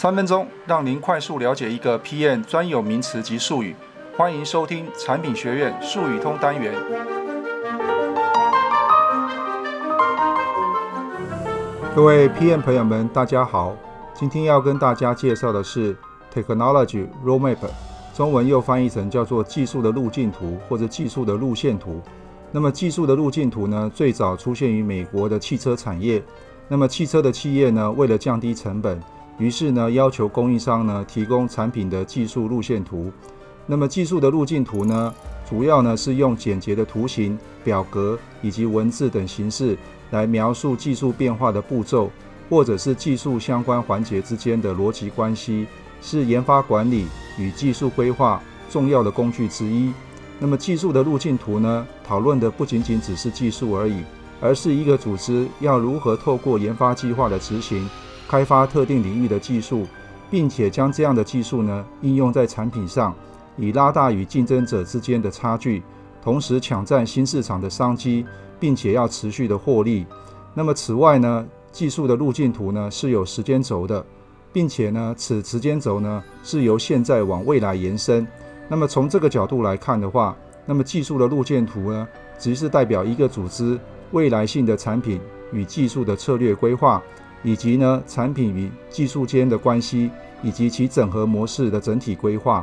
三分鐘讓您快速了解一個 PM 專有名詞及術語，歡迎收聽產品學院術語通單元。各位 PM 朋友們，大家好，今天要跟大家介紹的是 Technology Roadmap，中文又翻譯成叫做技術的路徑圖或者技術的路線圖。那麼技術的路徑圖呢，最早出現於美國的汽車產業。那麼汽車的企業呢，為了降低成本。於是呢，要求供應商呢提供產品的技術路線圖。那麼技術的路徑圖呢，主要呢是用簡潔的圖形、表格以及文字等形式來描述技術變化的步驟，或者是技術相關環節之間的邏輯關係，是研發管理與技術規劃重要的工具之一。那麼技術的路徑圖呢，討論的不僅僅只是技術而已，而是一個組織要如何透過研發計劃的執行，開發特定領域的技術，並且將這樣的技術呢應用在產品上，以拉大與競爭者之間的差距，同時搶佔新市場的商機，並且要持續的獲利。那麼此外呢，技術的路徑圖呢是有時間軸的，並且呢此時間軸呢是由現在往未來延伸。那麼從這個角度來看的話，那麼技術的路徑圖呢，即是代表一個組織未來性的產品與技術的策略規劃。以及呢，產品與技術間的關係，以及其整合模式的整體規劃。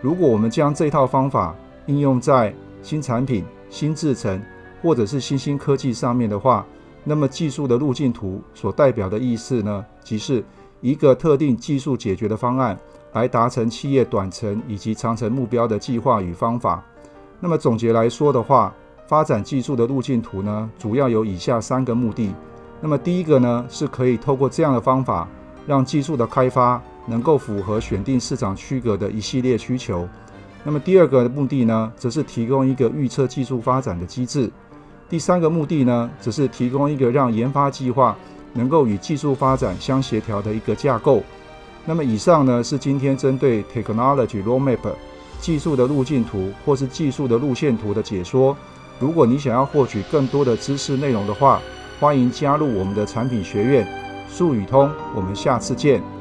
如果我們將這套方法應用在新產品、新製程或者是新興科技上面的話，那麼技術的路徑圖所代表的意思呢，即是一個特定技術解決的方案，來達成企業短程以及長程目標的計劃與方法。那麼總結來說的話，發展技術的路徑圖呢，主要有以下三個目的。那麼第一個呢，是可以透過這樣的方法，讓技術的開發能夠符合選定市場區隔的一系列需求。那麼第二個目的呢，則是提供一個預測技術發展的機制。第三個目的呢，則是提供一個讓研發計劃能夠與技術發展相協調的一個架構。那麼以上呢，是今天針對 Technology Roadmap 技術的路徑圖或是技術的路線圖的解說。如果你想要獲取更多的知識內容的話，歡迎加入我們的產品學院，術語通，我們下次見。